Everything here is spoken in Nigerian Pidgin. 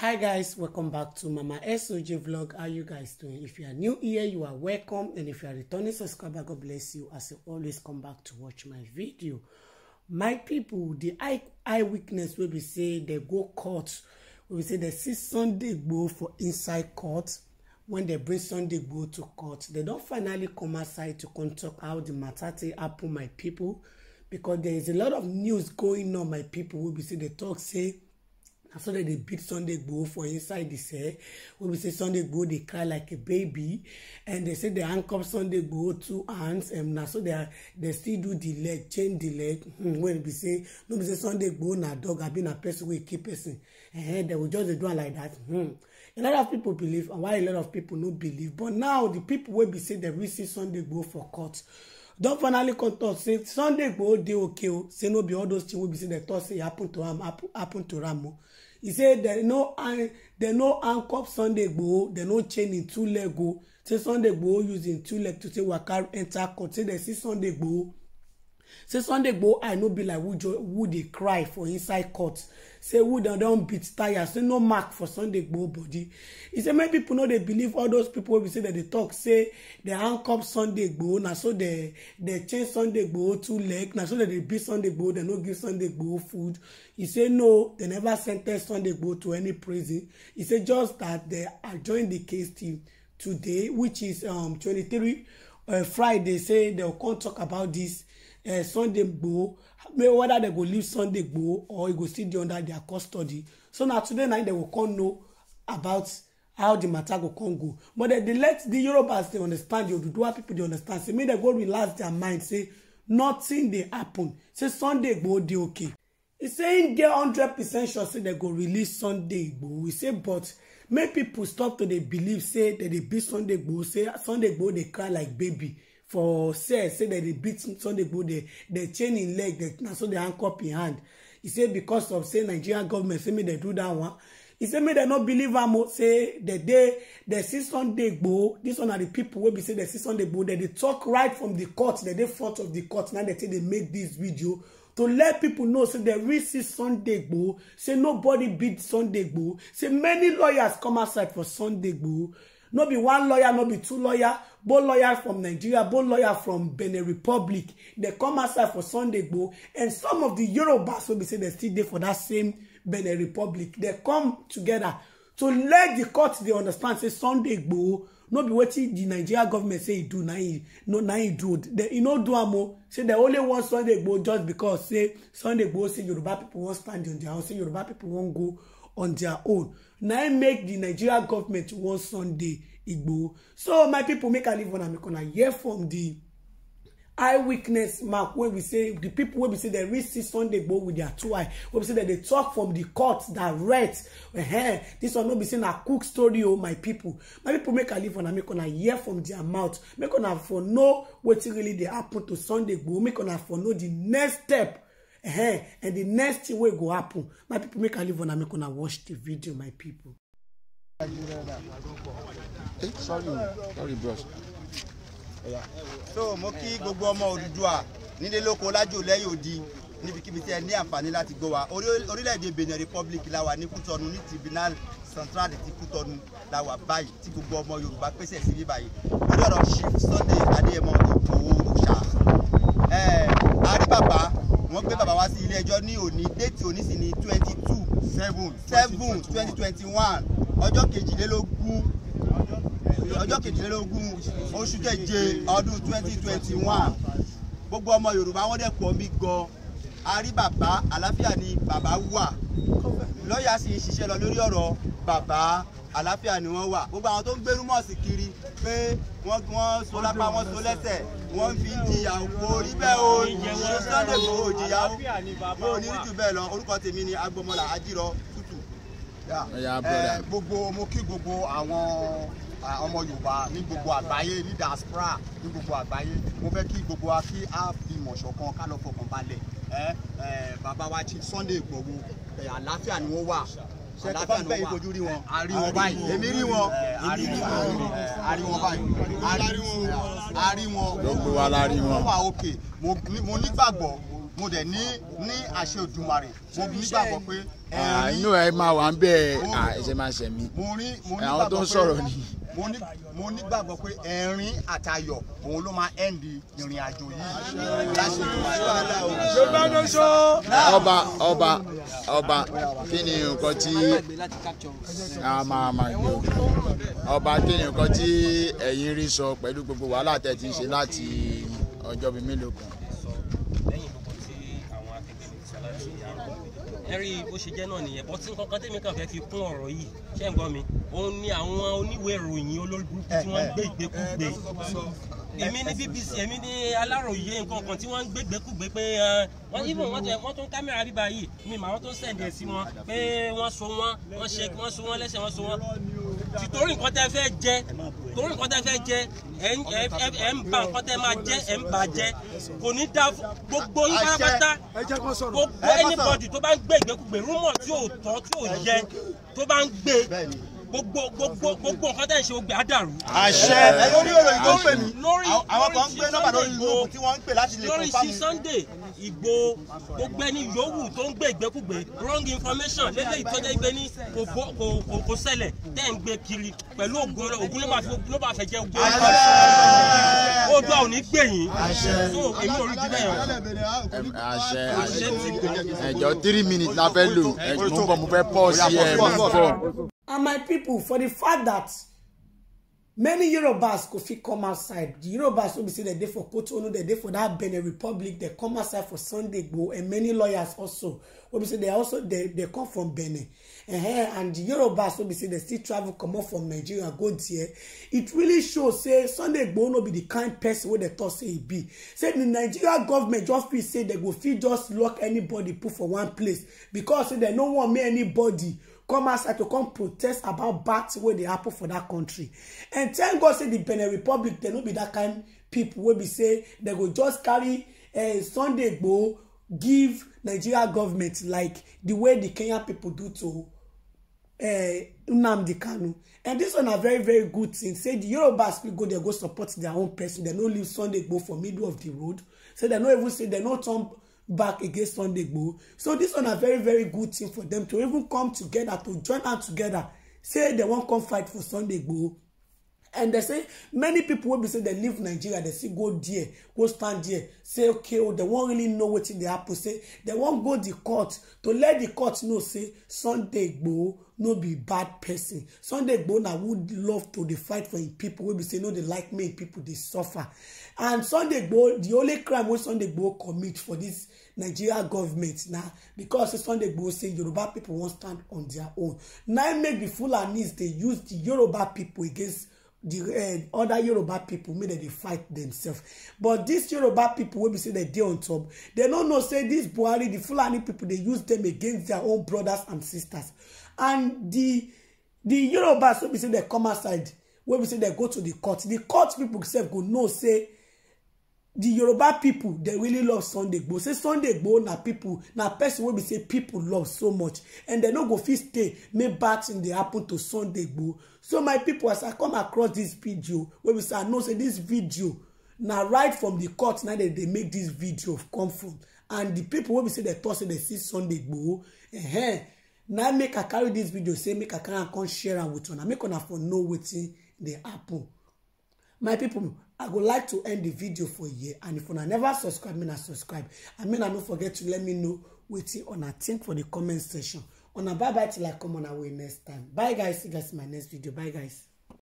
hi guys welcome back to mama soj vlog how you guys doing if you are new here you are welcome and if you are returning subscriber god bless you as you always come back to watch my video my people the eye eye eyewitness will be say they go court We say they see sunday go for inside court when they bring sunday go to court they don't finally come outside to come how the matter take happen my people because there is a lot of news going on my people will be see the talk say na so dem dey beat sunday igboho for inside di cell wey be say sunday igboho dey cry like a baby and dem say dem handcuff sunday igboho two hands um, na so dem still do di leg change di leg um, hmm, wey be say no be say sunday igboho na dog abi na person wey kill person eh, dem go just dey do am like that. um. a lot of people believe and why a lot of people no believe but now the people wey be say dem really see sunday igboho for court don finally come talk say sunday igboho dey okay o say no be all those things wey be say dem talk say happen to am happen to am o He say dem no dem no handcuff sunday gboo dem no chain in two leg o say sunday gboo use him two leg to say waka enter court say dem see sunday gboo say sunday go i no be like who who dey cry for inside court say who dem don beat tire say no mark for sunday go body He say many people no dey believe all those people wey be say dem dey talk. say dem handcuff sunday go na so dem change sunday go two leg na so dem dey beat sunday go dem no give sunday go food He say no dem never sen ten ce sunday go to any prison He say just that dem adjourn the case team today which is um 23 uh, friday say dem come talk about this uh, sunday Igboho whether they go leave sunday Igboho or e go still dey under their custody so na today night they go come know about how di matter go come go but they dey let the yorubas dey understand The oduduwa people dey understand say make they go relax their mind say nothing dey happen say sunday Igboho dey okay e say im dey hundred percent sure say dem go release sunday Igboho e say but make pipo stop to dey believe say dem dey beat sunday Igboho say sunday Igboho dey cry like baby for cell say that they beat sunday igbo dey dey chain im leg na so they handcuff im hand He say because of say Nigerian government say make they do that one He oh, say make they no believe am o say the day the see sunday igbo this one na the people wey be say the see sunday igbo They dey talk right from the court They dey front of the court Now they say they make this video to let people know say the real see sunday gboo say nobody beat sunday gboo say many lawyers come outside for sunday gboo no be one lawyer not be two lawyer both lawyers from nigeria both lawyers from benin republic They come outside for sunday gboo and some of the yorubas will be saying they still there for that same benin republic They come together to let the court they understand say sunday gboo no be wetin di nigeria government say e do na e do e no do am o say dem only want sunday gboo just because say sunday gboo say yoruba pipo wan stand on their own say yoruba pipo wan go on their own na im make di nigeria government want sunday igbo so my pipo make i leave una make una hear from di eyewitness mark wey be say the people wey be say dem reach see sunday go with their two eye wey be say dem dey talk from the court direct ehn dis one no be say na cook story o oh, my people. my people make i leave una make una hear from their mouth make una for know wetin really dey happen to sunday go make una for know the next step ehn and the next thing wey go happen my people make i leave una make una watch the video my people. sorry sorry bros so mo kí gbogbo ọmọ Odùduwà nílé lóko lájò lẹ́yìn odi níbikíbi tí ẹ ní àǹfààní láti gbọ́ wa orílẹ̀-èdè benin republic la wà ní kútọ́nu ní tribunal central ti kútọ́nu la wà báyìí tí gbogbo ọmọ yorùbá pèsè sí ní báyìí lórí ọ̀rọ̀ chief sunday adéyẹmọ ìgbòho òòṣà àrí bàbá wọ́n gbé bàbá wá sí ilé ẹjọ́ ní òní déètì òní sì ní twenty two seven twenty twenty one ọjọ́ kejìlélógún ọjọ́ kejìlélógún oṣù keje ọdún twenty twenty one gbogbo ọmọ Yorùbá wọ́n dẹ̀ pọ̀ mí gan a rí bàbá àlàáfíà ni bàbá wà lọ́ọ̀yà sì ń ṣiṣẹ́ lọ lórí ọ̀rọ̀ bàbá àlàáfíà ni wọ́n wà gbogbo àwọn tó ń gbérú mọ̀ọ́sì kiri pé wọ́n wọ́n so lápá wọ́n so lẹ́sẹ̀ wọ́n fi ń jìyà òkú orí bẹ́ẹ̀ o ṣe Sunday kò jìyà o mo ní jù bẹ́ẹ̀ lọ orúkọ tèmi ni agbọmọlà ajírọ Eh, gbogbo mo kí gbogbo àwọn ah, ọmọ Yorùbá ní gbogbo àgbáyé ní diaspora ní gbogbo àgbáyé mo fẹ́ kí gbogbo wa kí á fi mọ̀ṣọ̀kan ká lọ fọkàn balẹ̀ eh, eh, bàbá wa Chief Sunday Igboho àlàáfíà ni wọ́n wà àlàáfíà ni wọ́n wà ojú rí wọn àrí wọn báyìí èmi rí wọn àrí wọn àrí wọn báyìí àrí wọn àrí wọn gbogbo wa la rí wọn mo nígbàgbọ́ mo dẹ̀ ní ní àṣẹ Òdùmarè mo nígbàgbọ́ pé ẹ̀rín inú ẹ máa wà ń bẹ ẹsẹ̀ máa ṣẹ̀ mí àwọn tó ń sọ̀rọ̀ ni. mo nígbàgbọ́ pé ẹ̀rín àtayọ̀ òun ló máa end ìrìn àjò yìí láṣẹ Òdùmarè. ọba ọba ọba kí ni nǹkan tí a máa máa gbé ọba kí ni nǹkan tí ẹ̀yin rí sọ pẹ̀lú gbogbo wàhálà tẹ̀ ti ṣe láti ọjọ́ bíi mélòó kan ẹ rí bó ṣe jẹ́ náà nìyẹn bọ́tí nǹkan kan tèmi kàn fẹ́ fi kún ọ̀rọ̀ yìí ṣé ń gbọ́ mi òun ni àwọn oníwèé ìròyìn olóògùn tí wọ́n ń gbé ìgbékúgbé èmi ní BBC èmi ní Aláròyé nǹkan kan tí wọ́n ń gbé ìgbékúgbé pé wọ́n yí wọ́n tún kámẹ́rà bíbá yìí mi màá wọ́n tún sẹ̀dẹ̀ sí wọn pé wọ́n so wọ́n wọ́n so wọ́n lẹ́sẹ̀ wọ́n so wọ́n torí nǹkan tẹ́ fẹ́ jẹ torí nǹkan tẹ́ fẹ́ jẹ ẹ̀ ń ba nǹkan tẹ́ máa jẹ ẹ̀ ń bà jẹ kò ní dá gbogbo yín pátápátá gbogbo anybody tó bá ń gbé ìgbékúgbé rúmọ̀ tí ò tọ́ tí ò yẹ tó bá ń gbé gbogbo gbogbo gbogbo nǹkan tẹ́ ń ṣe gbogbo àdàrú. àṣẹ ẹ lórí ọ̀rọ̀ yìí ló ń pè mí àwọn kan ń gbé nọ́mbà lórí ìlú tí wọ́n ń pè láti lè kọ́ fáwọn. lórí sí Sunday Ìgbòho gbogbo ẹni yòówù tó ń gbé ìgbékúgbé wrong information lédè ìtọ́jẹ́ gbé ní kò ṣẹlẹ̀ tẹ́ ń gbé kiri pẹ̀lú ògùn rẹ̀ ògùn ló bá fẹ́ jẹ́ ògùn rẹ̀ ó gbà ò ní gbè èmi ò rí jù bẹ́ẹ̀ yẹn. àṣẹ àṣẹ ti gbé. ẹjọ three minutes la fẹ́ lò mo bọ mo fẹ́ pause yẹ mo bọ. and my people for the fact that many yorubas go fit come outside di yorubas wey be say dem dey for kotonu dem dey for dat benin republic dem come outside for sunday go and many lawyers also wey be say dem also dey come from benin uh-huh. and the yorubas wey be say dem still travel comot from nigeria go there it really show say sunday gboo no be the kind person wey dem talk say e be say the nigeria government just feel say dem go fit just lock anybody put for one place because say dem no wan make anybody come outside to come protest about bad wey they happen for that country and thank god say the benin republic they no be that kind people wey be say they go just carry eh, sunday gboo give nigeria government like the way the Kenya people do to eh, nnamdi kanu and this one na very very good thing say the di yorubas go there go support their own person They no leave sunday gboo for middle of the road say they no even say they no turn back against Sunday Igboho so this one na very very good thing for them to even come together to join hand together say they wan come fight for Sunday Igboho and they say many people wey be say they leave nigeria They still go there go stand there say okay oh dem wan really know wetin dey happen say they wan go the court to let the court know say sunday igboo no be bad person sunday igboo na who love to dey fight for im people. wey be say no dey like make People dey suffer and sunday igboo the only crime wey sunday igboo commit for this nigeria government na because say sunday igboo say yoruba people wan stand on their own na im make di fulanis dey use the yoruba people against the uh, other yoruba people mean dem dey fight themselves but dis yoruba people wey be say dem dey on top they no know say dis buhari the fulani people they use them against their own brothers and sisters and the the Yoruba wey be say dem come outside wey be say dem go to the court The court people themselves go know say the yoruba people they really love sunday igboho say sunday igboho na people na person wey be say people love so much and dem no go fit stay make bad thing dey happen to sunday igboho so my people as i come across this video wey be say i know say this video na right from the court na dem dey make this video come from and the people wey be say dem talk, say dem see sunday igboho eh na make i carry this video say make i carry am come share am with una make una for know wetin dey happen my people i would like to end the video for here and if una never subscribe me na subscribe and mean I don't forget to let me know on a thing for the comment section On a bye bye till i come on our way next time bye guys see you guys in my next video bye guys